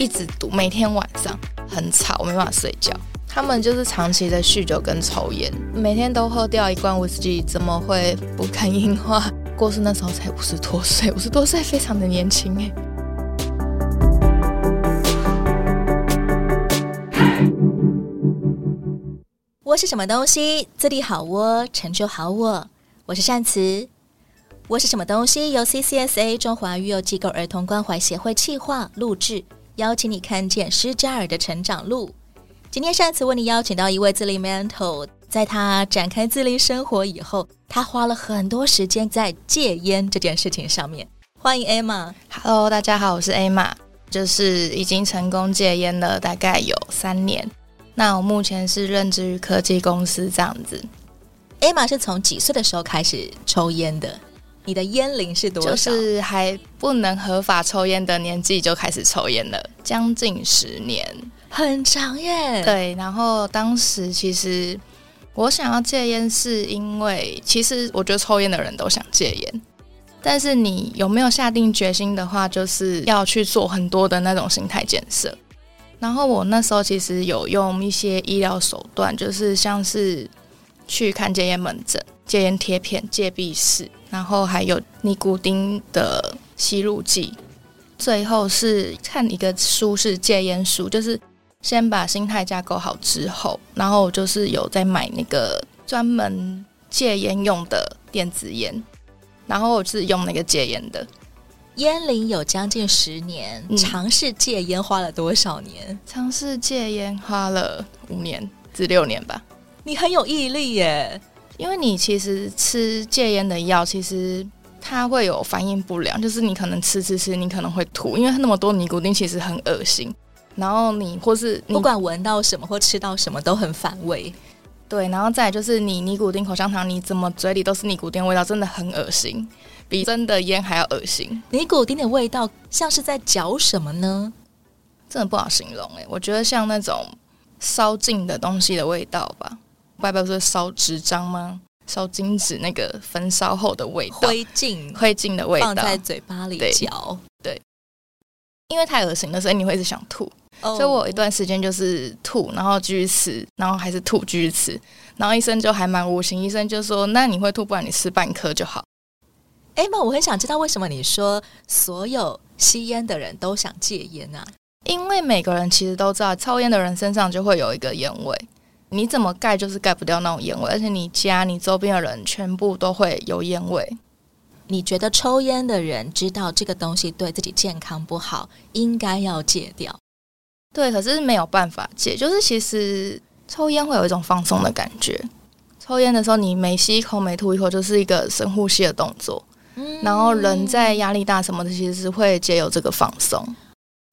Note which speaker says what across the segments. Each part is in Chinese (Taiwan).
Speaker 1: 一直賭，每天晚上很吵，我沒辦法睡覺。他們就是長期的酗酒跟抽煙，每天都喝掉一罐威士忌，怎麼會不肝硬化？過世那時候才五十多歲，五十多歲非常的年輕哎、欸。
Speaker 2: 我是什麼東西？自立好我、哦，成就好我。我是善慈。我是什麼東西？由 CCSA 中華育幼機構兒童關懷協會企劃錄製。邀請你看見施加爾的成長路。今天上一次為你邀請到一位自立 mentor，在他展開自立生活以後，他花了很多時間在戒煙這件事情上面。歡迎 Emma，Hello，大家好，我是 Emma，就是已經
Speaker 1: 成功戒煙了大概有三年。那我目前是任職於科技公司這樣子。Emma 是從幾歲的時候開始抽煙的？你的煙齡是多少？就是還不能合法抽煙的年紀就開始抽煙了。將近十年，很長耶。對，然後當時其實我想要戒煙，是因為其實我覺得抽煙的人都想戒煙，但是你有沒有下定決心的話，就是要去做很多的那種心態建設。然後我那時候其實有用一些醫療手段，就是像是去看戒煙門診。戒菸貼片、戒必適，然後還有尼古丁的吸入劑，最後是看一個書，是戒菸書，就是先把心態架構好之後，然後我就是有在買那個專門戒菸用的電子菸，然後我是用那個戒菸的。
Speaker 2: 菸齡有將近十年，嗯，嘗試戒菸花
Speaker 1: 了多少年？嘗試戒菸花了五年至六年吧。你很有毅力耶。因為你其實吃戒煙的藥，其實它會有反應不良，就是你可能吃吃吃，你可能會吐，因為它那麼多尼古丁，其實很噁心。然後你或是你不管聞到什麼或吃到什麼都很反胃，對。然後再就是你尼古丁口香糖，你怎麼嘴裡都是尼古丁的味道，真的很噁心，比真的菸還要噁心。尼古丁的味道像是
Speaker 2: 在嚼什麼呢？
Speaker 1: 真的不好形容哎、欸，我覺得像那種燒盡的東西的味道吧。拜拜不是燒紙張嗎？燒金紙那個焚燒後的味道，灰燼，灰燼的味道，放在嘴巴裡嚼，對，對，因為太噁心了，所以你會一直想吐。Oh. 所以我有一段時間就是吐，然後繼續吃，然後還是吐，繼續吃，然後醫生就還蠻無情，醫生就說：“那你會吐，不然你吃半顆就好。”
Speaker 2: 誒，那
Speaker 1: 我很想知道為什麼你說所有吸煙的人都想戒煙啊？因為每個人其實都知道，抽煙的人身上就會有一個煙味。你怎麼蓋就是蓋不掉那種煙味，而且你家你周邊的人全部都會有煙味。你覺得抽煙的人知道這個東西對自己健康不好，應該要戒掉。對，可是沒有辦法戒，就是其實抽煙會有一種放鬆的感覺。抽煙的時候，你每吸一口、每吐一口就是一個深呼吸的動作，然後人在壓力大什麼的，其實是會借由這個放鬆。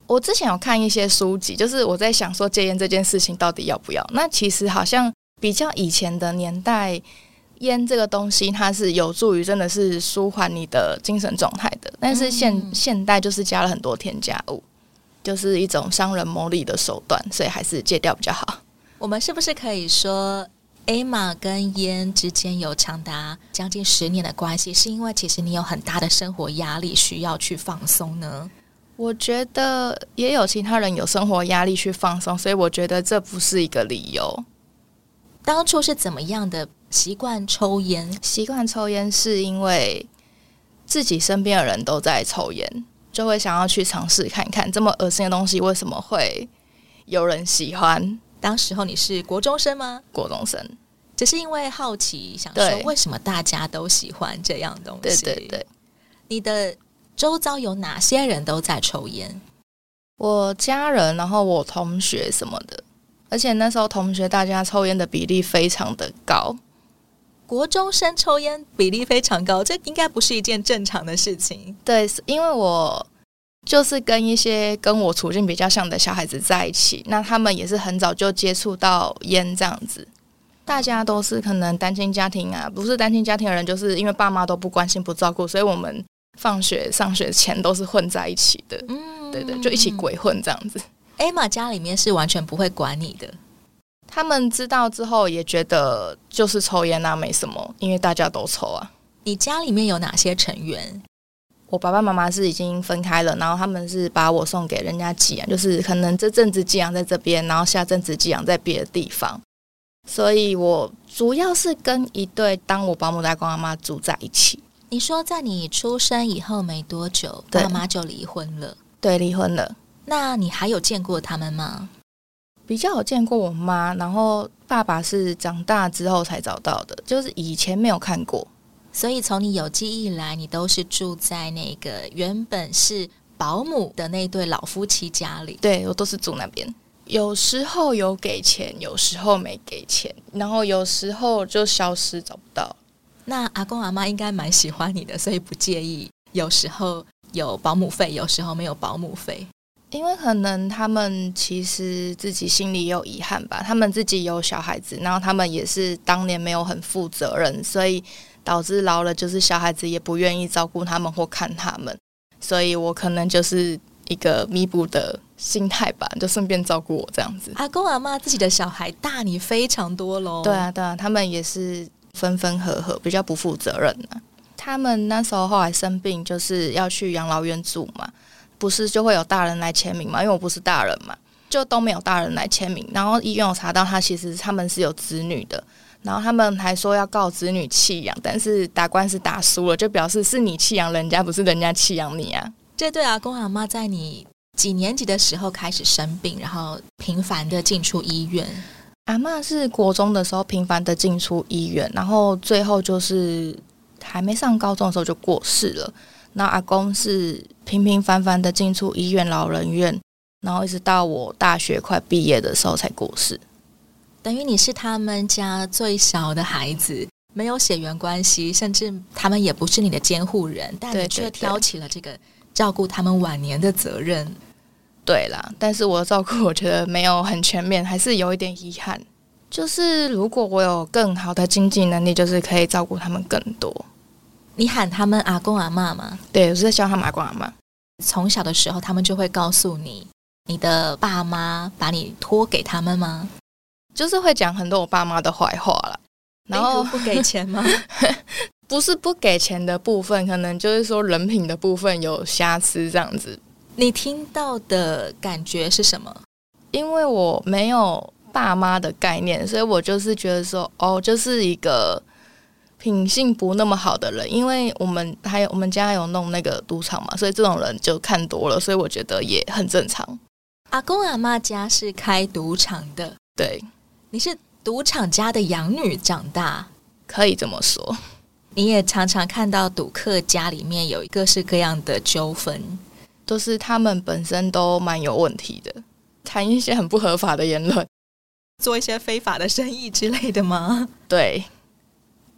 Speaker 1: 我之前有看一些書籍，就是我在想說，戒菸這件事情到底要不要。那其實好像比較以前的年代，菸這個東西它是有助於真的是舒緩你的精神狀態的。但是現現代就是加了很多添加物，就是一種商人牟利的手段，所以還是戒掉比較好。
Speaker 2: 我們是不是可以說艾瑪跟菸之間有長達將近十年的關係，是因為其實你有很大的生活壓力需要去放鬆呢？
Speaker 1: 我覺得也有其他人有生活壓力去放鬆，所以我覺得這不是一個理由。當初是怎麼樣的習慣抽菸？習慣抽菸是因為自己身邊的人都在抽菸，就會想要去嘗試看看這麼噁心的東西為什麼會有人喜歡。當時候你是國中生嗎？國中生
Speaker 2: 只是因為好奇，想說為什麼大家都喜歡這樣東西。對對對，你的。周遭有哪些人都在抽煙？我家
Speaker 1: 人，然後我同學什麼的，而且那時候同學大家抽煙的比例非常
Speaker 2: 的高，國中生抽煙比例非常高，這應該不是一件正常的事情。
Speaker 1: 對，因為我就是跟一些跟我處境比較像的小孩子在一起，那他們也是很早就接觸到煙，這樣子，
Speaker 2: 大家
Speaker 1: 都是可能單親家庭啊，不是單親家庭的人，就是因為爸媽都不關心，不照顧，所以我們。放學、上學前都是混在一起的，嗯，對對，就一起鬼混這樣子。艾 m a 家裡面是完全不會管你的，他們知道之後也覺得就是抽煙啊，沒什麼，因為大家都抽啊。你家裡面有哪些成員？我爸爸媽媽是已經分開了，然後他們是把我送給人家寄養，就是可能這陣子寄養在這邊，然後下陣子寄養在別的地方，所以我主要是跟一對當我保姆帶工媽媽住在一起。
Speaker 2: 你說在你出
Speaker 1: 生以後沒多久，爸媽就離婚了。對，離婚了。那你還有見過他們嗎？比較有見過我媽，然後爸爸是長大之後才找到的，就是以前沒有看過。
Speaker 2: 所以從你有記憶來，你都是住在那個原本是保姆的那對老夫妻家裡。對，我
Speaker 1: 都是住那邊。有時候有給錢，有時候沒給錢，然後有
Speaker 2: 時候就消失，找不到。那阿公阿媽應該蠻喜歡你的，所以不介意。有時候有保姆費，有時候沒有保姆費，
Speaker 1: 因為可能他們其實自己心裡也有遺憾吧。他們自己有小孩子，然後他們也是當年沒有很負責任，所以導致老了就是小孩子也不願意照顧他們或看他們。所以我可能就是一個彌補的心態吧，就順便照顧我這樣子。
Speaker 2: 阿公阿媽自己的小孩大你非常多嘍？對啊
Speaker 1: 對啊，他們也是。分分合合比較不負責任呢、啊。他們那時候後來生病，就是要去養老院住嘛，不是就會有大人來簽名嗎？因為我不是大人嘛，就都沒有大人來簽名。然後醫院有查到他，其實他們是有子女的。然後他們還說要告子女棄養，但是打官司打輸了，就表示是你棄養人家，不是人家棄養你啊。
Speaker 2: 這對阿公阿嬤在你幾年級的時候開始
Speaker 1: 生病，然後頻繁的進出醫院。阿嬤是國中的時候頻繁的進出醫院，然後最後就是還沒上高中的時候就過世了。那阿公是平平凡凡的進出醫院、老人院，然後一直到我大學快畢業的時候才過世。
Speaker 2: 等於你是他們家最小的孩子，沒有血緣關係，甚至他們也不是你的監護人，但你卻挑起了這個照顧他們晚年的責任。對啦，但是我
Speaker 1: 的照顧我覺得沒有很全面，還是有一點遺憾。就是如果我有更好的經濟能力，就是可以照顧他們更多。你喊他們阿公阿嬤嗎？對，我是在叫他們阿公阿嬤。從小的時候，他們就會告訴你，你的爸媽把你托給他們嗎？就是會講很多我爸媽的壞話了。然
Speaker 2: 後不給錢
Speaker 1: 嗎？ 不是不給錢的部分，可能就是說人品的部分有瑕疵這樣子。你聽到的感覺是什麼？因為我沒有爸媽的概念，所以我就是覺得說，哦，就是一個品性不那麼好的人。因為我們還有我們家有弄那，那個賭場嘛，所以這種人就看多了，所以我覺得也很正常。
Speaker 2: 阿公阿嬤家是開賭場的。對，你是賭場家的養女長大，可以這麼說。你也常常看到賭客家裡面
Speaker 1: 有各式各樣的糾紛。都是他們本身都蠻有問題的，談一些很不合法的言論，
Speaker 2: 做一些非法的生意之類的嗎？對，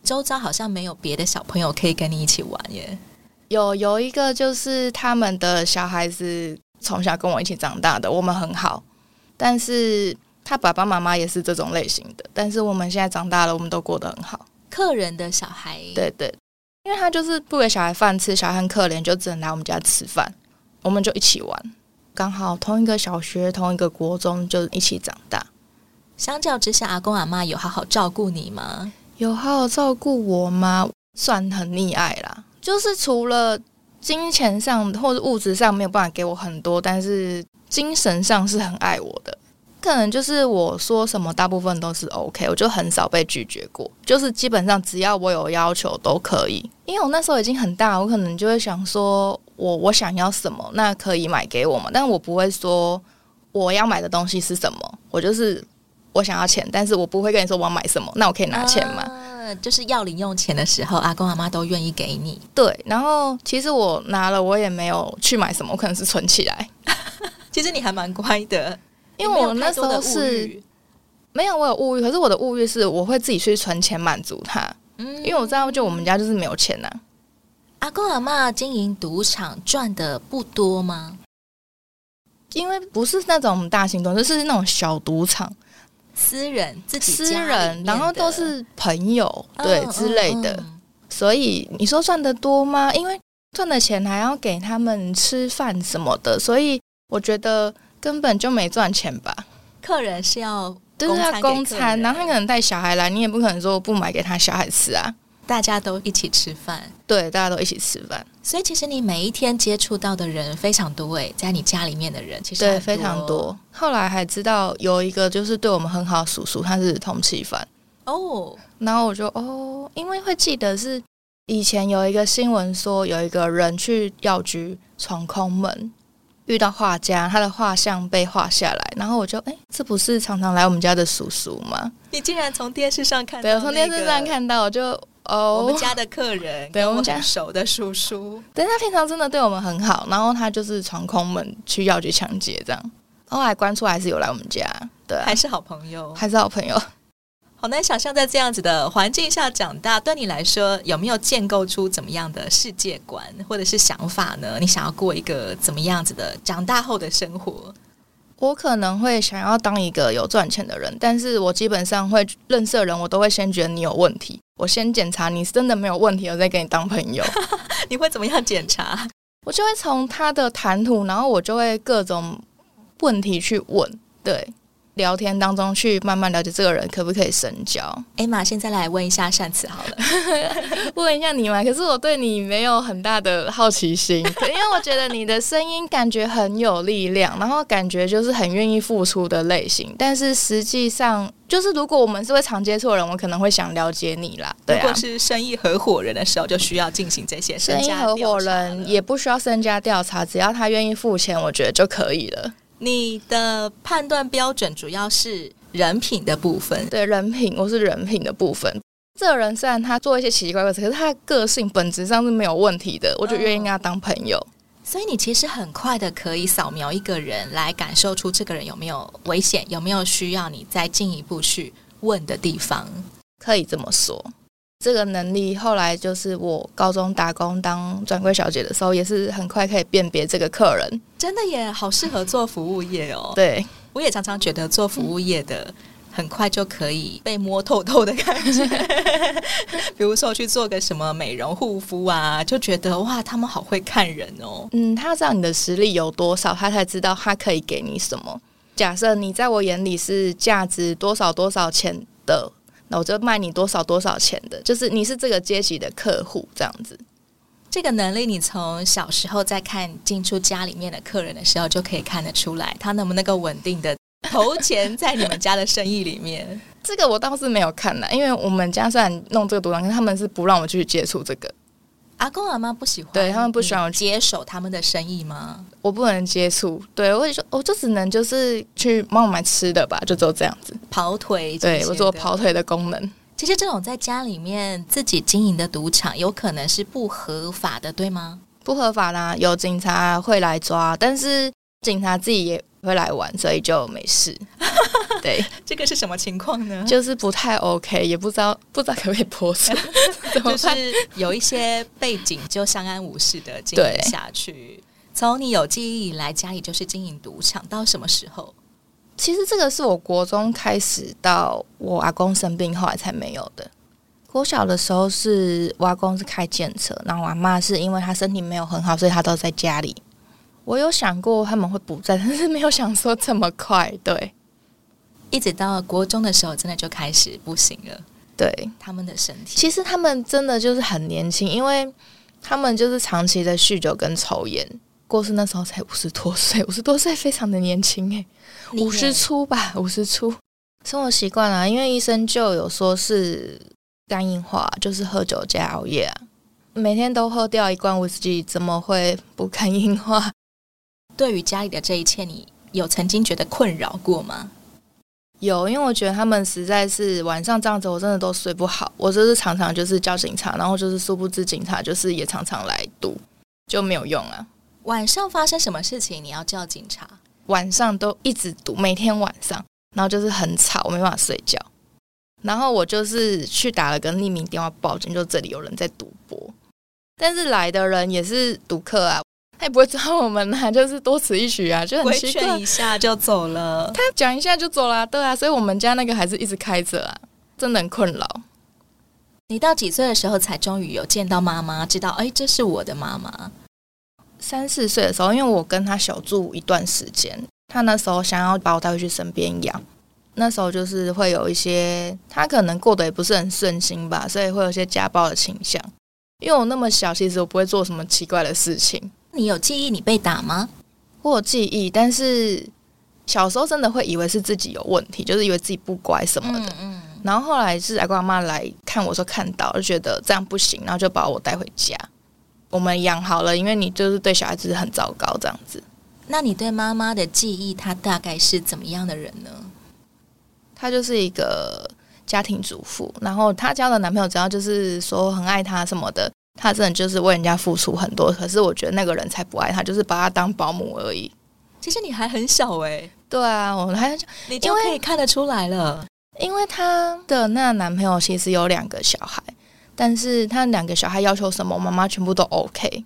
Speaker 2: 周遭好像沒有別的小朋友可以跟你一起玩耶。
Speaker 1: 有，有一個就是他們的小孩子從小跟我一起長大的，我們很好，但是他爸爸媽媽也是這種類型的，但是我們現在長大了，我們都過得很好。
Speaker 2: 客人的小孩，對
Speaker 1: 對，因為他就是不給小孩飯吃，小孩很可憐，就只能來我們家吃飯。我們就一起玩，剛好同一個小學、同一個國中，就一起長大。
Speaker 2: 相較之下，阿公阿媽有好好照顧你嗎？
Speaker 1: 有好好照顧我嗎？算很溺愛啦，
Speaker 2: 就是除
Speaker 1: 了金錢上或者物質上沒有辦法給我很多，但是精神上是很愛我的。可能就是我說什麼，大部分都是 OK，我就很少被拒絕過。就是基本上只要我有要求都可以，因為我那時候已經很大，我可能就會想說。我我想要什麼，那可以買給我嗎？但我不會說我要買的東西是什麼，我就是我想要錢，但是我不會跟你說我要買什麼，那我可以拿錢嘛。
Speaker 2: 嗯、啊，就是要零用錢的時候，阿公阿媽都願意給你。
Speaker 1: 對，然後其實我拿了，我也沒有去買什麼，我可能是存起來。其實你還蠻乖的，
Speaker 2: 因為我那時候是沒
Speaker 1: 有，的沒有我有物欲，可是我的物欲是我會自己去存錢滿足他。嗯，因為我知道，就我們家就是沒有錢吶、啊。阿公阿嬤經營賭場賺的不多嗎？因為不是那種大型賭，就是那種小賭場，
Speaker 2: 私人自己私人，然後都是
Speaker 1: 朋友、嗯、對之類的，嗯嗯嗯、所以你說賺的多嗎？因為賺的錢還要給他們吃飯什麼的，所以我覺得根本就沒賺錢吧。
Speaker 2: 客人是要人就是要供餐，然
Speaker 1: 後他可能帶小孩來、嗯，你也不可能說不買給他小孩吃啊。大家都一起吃飯，對，大家都一起吃飯。所以其實你每一天接觸到的人非常多誒，在你家裡面的人其實對、哦、非常多。後來還知道有一個就是對我們很好的叔叔，他是通氣犯哦。Oh. 然後我就哦，因為會記得是以前有一個新聞說有一個人去藥局闖空門，遇到畫家，他的畫像被畫下來。然後我就誒，這不是常常來我們家的叔叔嗎？
Speaker 2: 你竟然從電視上看，對，從電視上
Speaker 1: 看到、那個、我就。哦、oh，我們家的客人，對，我們家熟的叔叔，對，對，他平常真的對我們很好，然後他就是闖空門去要去搶劫這樣，後、哦、來關出還是有來我們家，對、啊，還是好朋友，還是好朋友。
Speaker 2: 好難想象在這樣子的環境下長大，對你來說有沒有建構出怎麼樣的世界觀或者是想法呢？你想要過一個怎麼樣子的長大後的生活？我
Speaker 1: 可能會想要當一個有賺錢的人，但是我基本上會認識的人，我都會先覺得你有問題，我先檢查你是真的沒有問題，我再跟你當朋友。
Speaker 2: 你會怎麼樣檢
Speaker 1: 查？我就會從他的談吐，然後我就會各種問題去問，對。聊天當中去慢慢了解這個人可不可以深交？Emma，現在來問一下善慈好了， 問一下你嘛。可是我對你沒有很大的好奇心，因為我覺得你的聲音感覺很有力量，然後感覺就是很願意付出的類型。但是實際上，就是如果我們是會常接觸的人，我可能會想了解你啦。對、啊、如果是生意合夥人的時候，就需要進行這些身家調查了。生意合夥人也不需要身家調查，只要他願意付錢，我覺得就可以了。
Speaker 2: 你的判斷標準主要是
Speaker 1: 人品的部分，對人品，我是人品的部分。這個人雖然他做一些奇奇怪怪的事，可是他的個性本質上是沒有問題的，我就願意跟他當朋友。哦。所以你其實很快的可以掃描一個人，來感受出這個人有沒有危險，有沒有需要你再進一步去問的地方，可以這麼說。這個能力後來就是我高中打工當專櫃小姐的時候，也是很快可以辨別這個客人。
Speaker 2: 真的耶，好適合做服務業哦。 對，我也常常覺得做服務業的很快就可以被摸透透的感覺。 比如說去做個什麼美容護膚啊，就覺得哇，他們
Speaker 1: 好會看人哦。嗯，他知道你的實力有多少，他才知道他可以給你什麼。假設你在我眼裡是價值多少多少錢的。那我就賣你多少多少錢的，就是你是這個階級的客戶這樣子。
Speaker 2: 這個能力你從小時候在看進出家裡面的客人的時候就可以看得出來，他能不能夠穩定的投錢在你們家的生意裡面。
Speaker 1: 這個我倒是沒有看啦，因為我們家雖然弄這個賭場，但是他們是不讓我去接觸這個。
Speaker 2: 阿公阿媽不喜歡，對他們不喜歡接手他們的生意嗎？
Speaker 1: 我不能接觸，對，我只說，我就只能就是去幫我買吃的吧，就做這樣子
Speaker 2: 跑腿，對我做跑腿的功能。其實這種在家裡面自己經營的賭場，有可能是不合法的，對嗎？
Speaker 1: 不合法啦、啊，有警察會來抓，但是警察自己也會來玩，所以就沒事。 對，
Speaker 2: 這個是什麼情況呢？就
Speaker 1: 是不太 OK，也不知
Speaker 2: 道不知道可不可以播出。 就是有一些背景，就相安無事的經營下去。從你有記憶以來，家裡就是經營賭場。到什麼時候？
Speaker 1: 其實這個是我國中開始到我阿公生病，後來才沒有的。我小的時候是我阿公是開建車，然後我阿媽是因為他身體沒有很好，所以他都在家裡。我有想過他們會不在，但是沒有想說這麼
Speaker 2: 快。對，
Speaker 1: 一
Speaker 2: 直到國中的時候，真的就開始不行了。對他們的身
Speaker 1: 體，其實他們真的就是很年輕，因為他們就是長期的酗酒跟抽煙，過世那時候才五十多歲，五十多歲非常的年輕，欸，哎，五十初吧，五十初。生活習慣啊，因為醫生就有說是肝硬化，就是喝酒加熬夜，啊，每天都喝掉一罐威士忌，怎麼會不肝硬化？對於家裡的這一切，你有曾經覺得困擾過嗎？有，因為我覺得他們實在是晚上這樣子，我真的都睡不好。我就是常常就是叫警察，然後就是殊不知警察就是也常常來賭，就沒有用啊。
Speaker 2: 晚上發生什麼事情你要叫警察？
Speaker 1: 晚上都一直賭，每天晚上，然後就是很吵，我沒辦法睡覺。然後我就是去打了個匿名電話報警，就這裡有人在賭博，但是來的人也是賭客啊。還不會抓我們呢？啊，就是多此一舉啊，就很奇怪。勸一下就走了，他講一下就走了。啊，對啊，所以我們家那個還是一直開着啊，真的很困擾。你到幾歲的時候才終於有見到媽媽，知道哎、欸，這是我的媽媽？三四歲的時候，因為我跟他小住一段時間，他那時候想要把我帶回去身邊養。那時候就是會有一些，他可能過得也不是很順心吧，所以會有一些家暴的傾向。因為我那麼小，其實我不會做什麼奇怪的事情。你有記憶你被打嗎？我有記憶，但是小時候真的會以為是自己有問題，就是以為自己不乖什麼的。嗯，嗯。然後後來是來阿嬤來看我說看到，就覺得這樣不行，然後就把我帶回家。我們養好了，因為你就是對小孩子很糟糕這樣子。
Speaker 2: 那你對媽媽的記憶，她大概是怎麼樣的人呢？
Speaker 1: 她就是一個家庭主婦，然後她交的男朋友只要就是說很愛她什麼的，他真的就是為人家付出很多，可是我覺得那個人才不愛他，就是把他當保姆而已。
Speaker 2: 其實你還很小哎、欸，對啊，我還很小，你就可以
Speaker 1: 看得出來了。因為他的那男朋友其實有兩個小孩，但是他兩個小孩要求什麼，媽媽全部都 OK，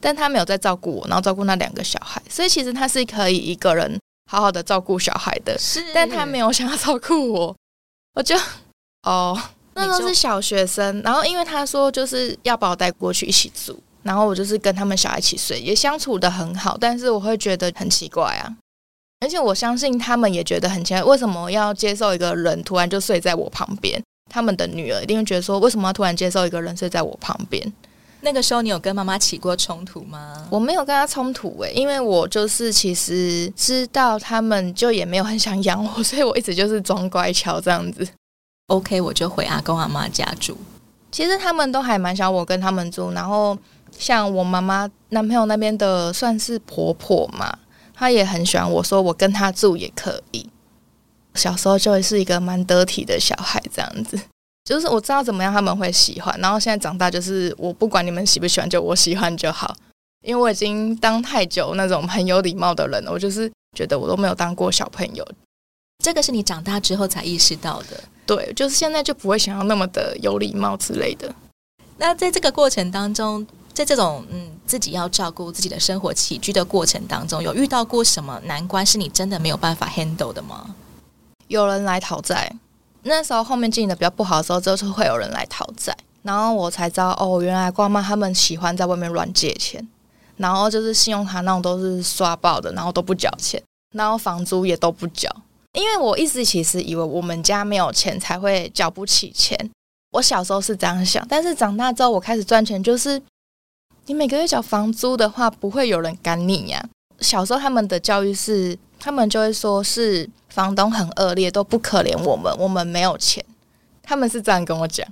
Speaker 1: 但他沒有在照顧我，然後照顧那兩個小孩，所以其實他是可以一個人好好的照顧小孩的，是，但他沒有想要照顧我，我就哦。那都是小學生，然後因為他說就是要把我帶過去一起住，然後我就是跟他們小孩一起睡，也相處得很好。但是我會覺得很奇怪啊，而且我相信他們也覺得很奇怪，為什麼要接受一個人突然就睡在我旁邊？他們的女兒一定會覺得說，為什麼要突然接受一個人睡在我旁邊？
Speaker 2: 那個時候你有跟媽媽起過衝突嗎？
Speaker 1: 我沒有跟她衝突欸，因為我就是其實知道他們就也沒有很想養我，所以我一直就是裝乖巧這樣子。OK，我就回阿
Speaker 2: 公阿嬤家住。
Speaker 1: 其實他們都還蠻想我跟他們住。然後像我媽媽男朋友那邊的，算是婆婆嘛，她也很喜歡我，說我跟她住也可以。小時候就會是一個蠻得體的小孩，這樣子。就是我知道怎麼樣他們會喜歡。然後現在長大，就是我不管你們喜不喜歡，就我喜歡就好。因為我已經當太久那種很有禮貌的人了，我就是覺得我都沒有當過小朋友。
Speaker 2: 這個是你長大之後才意識到
Speaker 1: 的，對，就是現在就不會想要那麼的有禮貌之類的。
Speaker 2: 那在這個過程當中，在這種嗯自己要照顧自己的生活起居的過程當中，有遇到過什麼難關是你真的沒有
Speaker 1: 辦法 handle 的嗎？有人來討債，那時候後面經營的比較不好的時候，後就是會有人來討債，然後我才知道哦，原來姑媽他們喜歡在外面亂借錢，然後就是信用卡那種都是刷爆的，然後都不繳錢，然後房租也都不繳。因為我一直其實以為我們家沒有錢，才會繳不起錢，我小時候是這樣想，但是長大之後我開始賺錢，就是你每個月繳房租的話，不會有人趕你呀、啊。小時候他們的教育是，他們就會說是房東很惡劣，都不可憐我們，我們沒有錢，他們是這樣跟我講。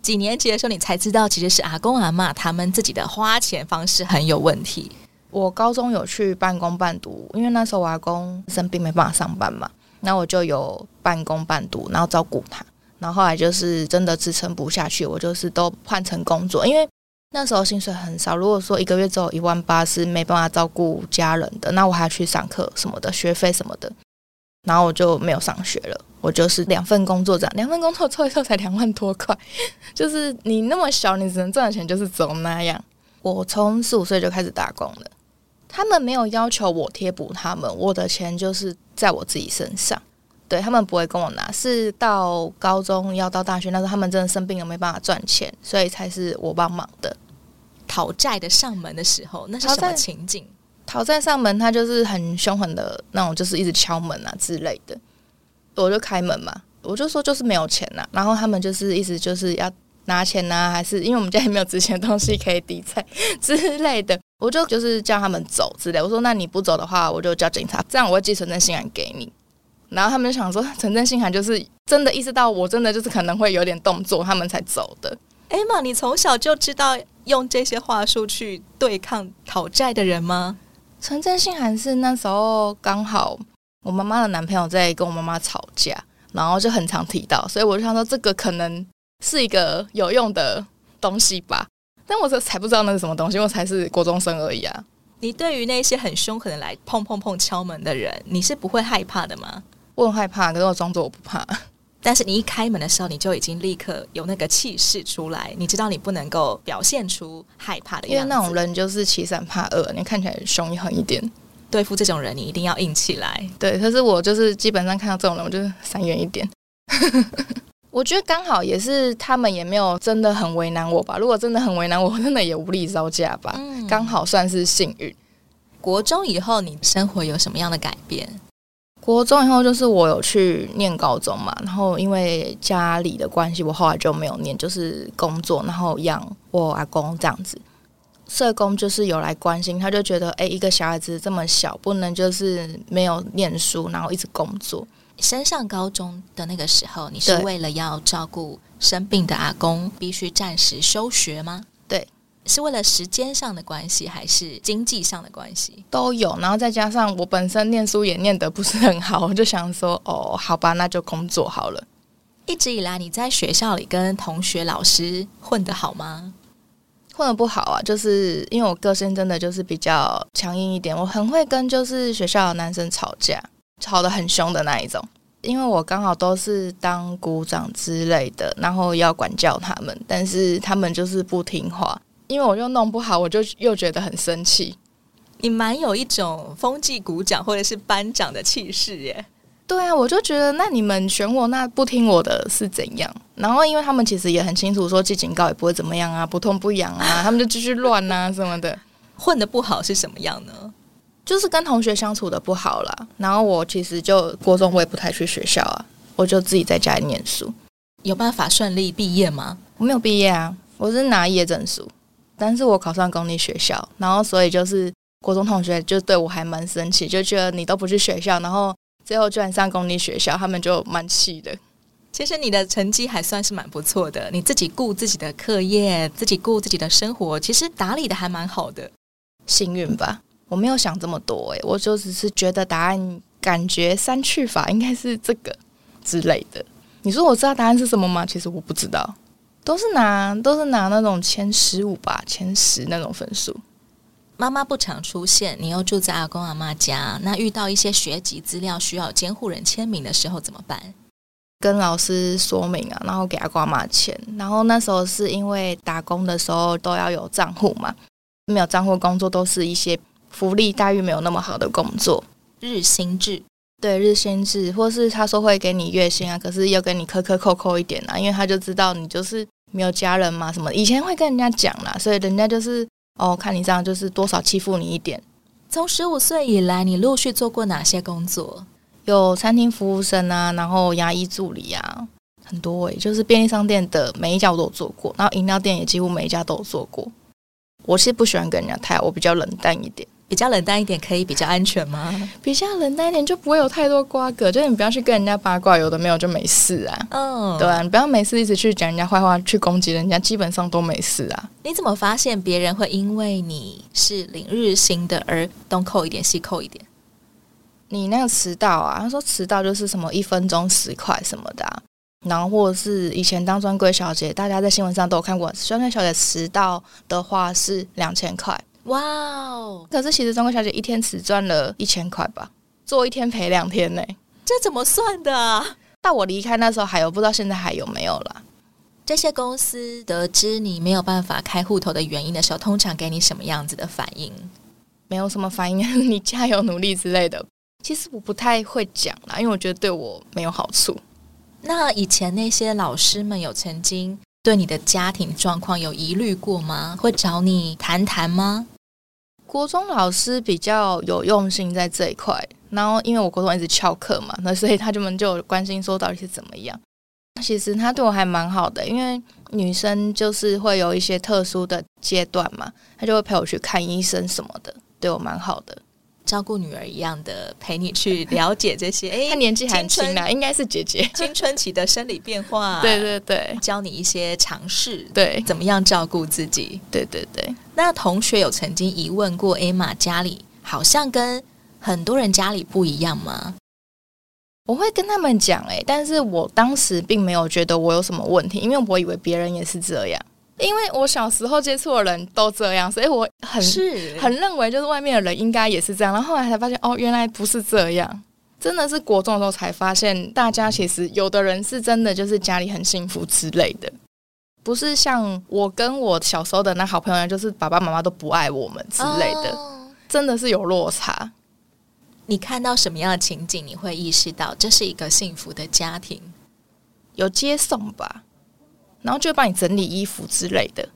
Speaker 1: 幾年級的時候，你才知道其實是阿公阿嬤他們自己的花錢方式很有問題。我高中有去半工半讀，因為那時候我阿公生病沒辦法上班嘛。那我就有半工半讀，然後照顧他，然後後來就是真的支撐不下去，我就是都換成工作，因為那時候薪水很少，如果說一個月只有一萬八是沒辦法照顧家人的，那我還要去上課什麼的，學費什麼的，然後我就沒有上學了，我就是兩份工作這樣，兩份工作湊一湊才兩萬多塊，就是你那麼小，你只能賺的錢就是走那樣。我從四五歲就開始打工了。他們沒有要求我貼補他們，我的錢就是在我自己身上。對，他們不會跟我拿，是到高中要到大學那時候，他們真的生病了沒辦法賺錢，所以才是我幫忙的。討債的上門的時候，那是什麼情景？討債上門，他就是很兇狠的那種，就是一直敲門啊之類的。我就開門嘛，我就說就是沒有錢吶、啊，然後他們就是一直就是要。拿錢呢、啊？還是因為我們家也沒有值錢的東西可以抵債之類的？我就就是叫他們走之類。我說：“那你不走的話，我就叫警察。”這樣，我會寄存證信函給你。然後他們想說，存證信函就是真的意識到我真的就是可能會有點動作，他們才走的。
Speaker 2: 誒，Emma，你從小就知道用這些話術去對抗討債
Speaker 1: 的人嗎？存證信函是那時候剛好我媽媽的男朋友在跟我媽媽吵架，然後就很常提到，所以我就想說這個可能。是一個有用的東西吧，但我這才不知道那是什麼東西，我才是國中生而已啊。你對於那些很凶狠的來碰碰碰敲門的人，你是不會害怕的嗎？我很害怕，可是我裝作我不怕。但是你一開門的時候，你就已經立刻
Speaker 2: 有那個氣勢出來，你知道你不能夠表現出害怕的樣子，因為那種
Speaker 1: 人就是欺善怕惡，你看起來凶一狠一點，對付這種人你一定要硬起來。對，可是我就是基本上看到這種人，我就是閃遠一點。 我覺得剛好也是他們也沒有真的很為難我吧。如果真的很為難我，我真的也無力招架吧。嗯，剛好算是幸運。國中以後，你生活有什麼樣的改變？國中以後就是我有去念高中嘛，然後因為家裡的關係，我後來就沒有念，就是工作，然後養我阿公這樣子。社工就是有來關心，他就覺得，哎、欸，一個小孩子這麼小，不能就是沒有念書，然
Speaker 2: 後一直工作。升上高中的那個時候，你是為了要照顧生病的阿公，必須暫時休學嗎？對，是為了時間上的關係還是經濟上的關係？
Speaker 1: 都有，然後再加上我本身念書也念得不是很好，我就想說，哦，好吧，那就工作好了。
Speaker 2: 一直以來，你在
Speaker 1: 學校裡跟同學、老師
Speaker 2: 混得好嗎？
Speaker 1: 混得不好啊，就是因為我個性真的就是比較強硬一點，我很會跟就是學校的男生吵架，吵得很凶的那一種，因為我剛好都是當股長之類的，然後要管教他們，但是他們就是不聽話，因為我又弄不好，我就又覺得很生氣。你蠻有一種風紀股長或者是班長的氣勢耶。對啊，我就覺得那你們選我，那不聽我的是怎樣？然後因為他們其實也很清楚，說記警告也不會怎麼樣啊，不痛不癢啊,啊，他們就繼續亂啊什麼的，啊、 混得不好是什麼樣呢？就是跟同學相處的不好啦，然後我其實就國中我也不太去學校啊，我就自己在家裡念書。有辦法順利畢業嗎？我沒有畢業啊，我是拿肄業證書，但是我考上公立學校，然後所以就是國中同學就對我還蠻生氣，就覺得你都不去學校，然後最後居然上公立學校，他們就蠻氣的。其實你的成績還算是蠻不錯的，你自己顧自己的課業，自己顧自己的生活，其實打理的還蠻好的，幸運吧。我沒有想這麼多哎，我就只是覺得答案感覺刪去法應該是這個之類的。你說我知道答案是什麼嗎？其實我不知道，都是拿，都是拿那種前十五吧，前十那種分數。
Speaker 2: 媽媽不常出現，你又住在阿公阿嬤家，那遇到一些學籍資料需要監護人簽名的時候怎麼辦？
Speaker 1: 跟老師說明啊，然後給阿公阿嬤簽。然後那時候是因為打工的時候都要有賬戶嘛，沒有賬戶工作都是一些。福利待遇沒有那麼好的工作，日薪制，對日薪制，或是他說會給你月薪啊，可是要給你磕磕扣扣一點啊，因為他就知道你就是沒有家人嘛，什麼以前會跟人家講啦，所以人家就是哦，看你這樣就是多少欺負你一點。從十五歲以來，你陸續做過哪些工作？有餐廳服務生啊，然後牙醫助理啊，很多耶，就是便利商店的每一家我都有做過，然後飲料店也幾乎每一家都有做過。我其實不喜歡跟人家太，我比較冷淡一點。比較冷淡一點，可以比較安全嗎？比較冷淡一點，就不會有太多瓜葛。就是你不要去跟人家八卦，有的沒有就沒事啊。
Speaker 2: 嗯、oh.，對，你
Speaker 1: 不要每次一直去講人家壞話，去攻擊人家，基本上都沒事啊。
Speaker 2: 你怎麼發現別人會因為你是領日薪的而東扣一點西扣一點？你那個遲到啊，他
Speaker 1: 說遲到就是什麼一分鐘十塊什麼的、啊，然後或者是以前當專櫃小姐，大家在新聞上都有看過，專櫃小姐遲到的話是兩千塊。
Speaker 2: 哇哦！
Speaker 1: 可是其實中國小姐一天只賺了一千塊吧，做一天賠兩天呢、欸，這怎麼算的、啊？到我離開那時候還有，不知道現在還有沒有了？這些公司得知你沒有辦法開戶頭的原因的時候，通常給你什麼樣子的反應？沒有什麼反應，你加油努力之類的。其實我不太會
Speaker 2: 講啦，因為我覺得對我沒有好處。那以前那些老師們有曾經對你的家庭狀況有疑慮過嗎？會找你談談嗎？
Speaker 1: 國中老師比較有用心在這一塊，然後因為我國中一直翹課嘛，那所以他就們就關心說到底是怎麼樣。其實他對我還蠻好的，因為女生就是會有一些特殊的階段嘛，他就會陪我去看醫生什麼的，對我蠻好的。照顧女兒一樣的陪你去了解這些，哎、欸，她年紀還輕啊，應該是姐姐。青
Speaker 2: 春期的生理變化、啊， 對對
Speaker 1: 對，教你一些常識，對，怎麼樣照顧自己，對對對。
Speaker 2: 那同學有曾經疑問過，艾瑪家裡好像跟很多人家裡不一樣嗎？
Speaker 1: 我會跟他們講、欸，哎，但是我當時並沒有覺得我有什麼問題，因為我以為別人也是這樣。因為我小時候接觸的人都這樣，所以我很是很認為，就是外面的人應該也是這樣。然後後來才發現，哦，原來不是這樣。真的是國中的時候才發現，大家其實有的人是真的就是家裡很幸福之類的，不是像我跟我小時候的那好朋友，就是爸爸媽媽都不愛我們之類的，oh, 真的是有落差。你看到什麼樣的情景，你會意識到這是一個幸福的家庭？有接送吧。然後就會幫你整理衣服之類的。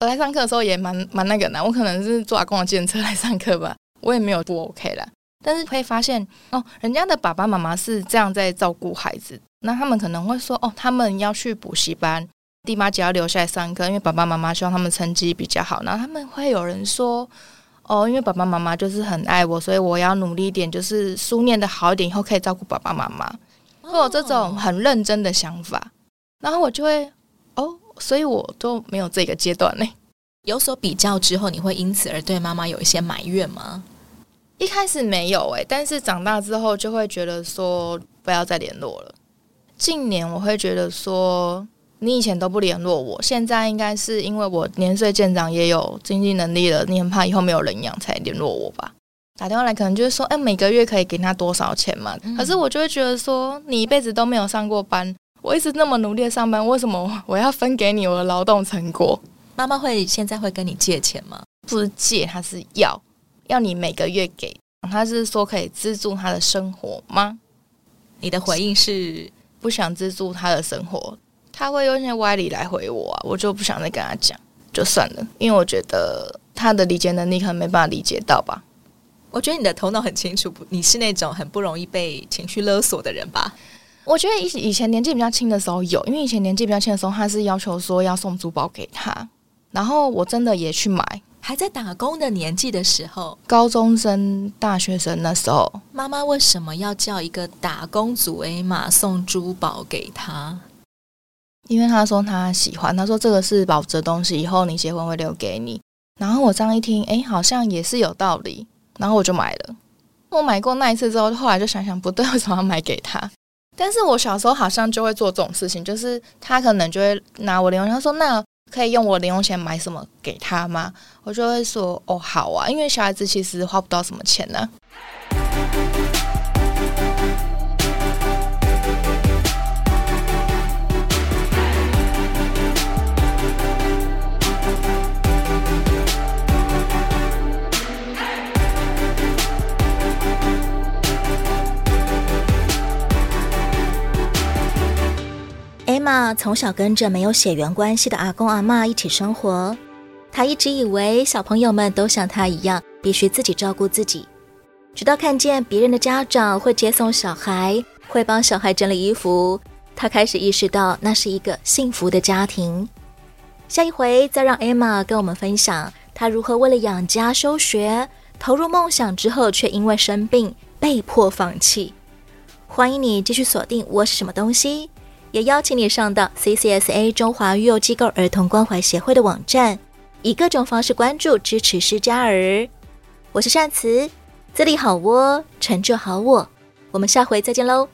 Speaker 1: 我來上課的時候也蠻蠻那個的，我可能是坐公共汽車來上課吧，我也沒有不 OK 啦。但是會發現哦，人家的爸爸媽媽是這樣在照顧孩子，那他們可能會說哦，他們要去補習班，弟媽只要留下來上課，因為爸爸媽媽希望他們成績比較好。然後他們會有人說哦，因為爸爸媽媽就是很愛我，所以我要努力一點，就是書念的好一點，以後可以照顧爸爸媽媽，會有這種很認真的想法。然後我就會。所以我都沒有這個階段呢。有所比較之後，你會因此而對媽媽有一些埋怨嗎？一開始沒有哎、欸，但是長大之後就會覺得說不要再聯絡了。近年我會覺得說，你以前都不聯絡我，現在應該是因為我年歲漸長，也有經濟能力了。你很怕以後沒有人養，才聯絡我吧？打電話來可能就是說，哎、欸，每個月可以給他多少錢嘛？可是我就會覺得說，你一輩子都沒有上過班，我一直那麼努力的上班，為什麼我要分給你我的勞動成果？媽媽會現在會跟你借錢嗎？不是借，他是要要你每個月給。他是說可以資助他的生活嗎？你的回應是不想資助他的生活。他會用一些歪理來回我啊，我就不想再跟他講，就算了，因為我覺得他的理解能力可能沒辦法理解到吧。
Speaker 2: 我覺得你的頭腦很清楚，你是那種很不容易被情緒勒索的人吧？
Speaker 1: 我覺得以以前年紀比較輕的時候有，因為以前年紀比較輕的時候，他是要求說要送珠寶給他，然後我真的也去買，還在打工的年
Speaker 2: 紀的時候，
Speaker 1: 高中生、大學生那時候，
Speaker 2: 媽媽為什麼要叫一個打工族誒嘛送珠寶給他？
Speaker 1: 因為他說他喜歡，他說這個是保值的東西，以後你結婚會留給你。然後我這樣一聽，誒，好像也是有道理，然後我就買了。我買過那一次之後，後來就想想不對，為什麼要買給他？但是我小時候好像就會做這種事情，就是他可能就會拿我零用錢，他說：“那可以用我零用錢買什麼給他嗎？”我就會說：“哦，好啊，因為小孩子其實花不到什麼錢呢、啊。”
Speaker 2: Emma 從小跟着沒有血緣關係的阿公阿嬤一起生活，她一直以為小朋友們都像她一樣必須自己照顧自己。直到看見別人的家長會接送小孩，會幫小孩整理衣服，她開始意識到那是一個幸福的家庭。下一回再讓 Emma 跟我們分享她如何為了養家休學，投入夢想之後卻因為生病被迫放棄。歡迎你繼續鎖定我是什麼東西。也邀請你上到 CCSA 中華育幼機構兒童關懷協會的網站，以各種方式關注、支持失家兒。我是善慈，自立好窩、哦，成就好我。我們下回再見嘍。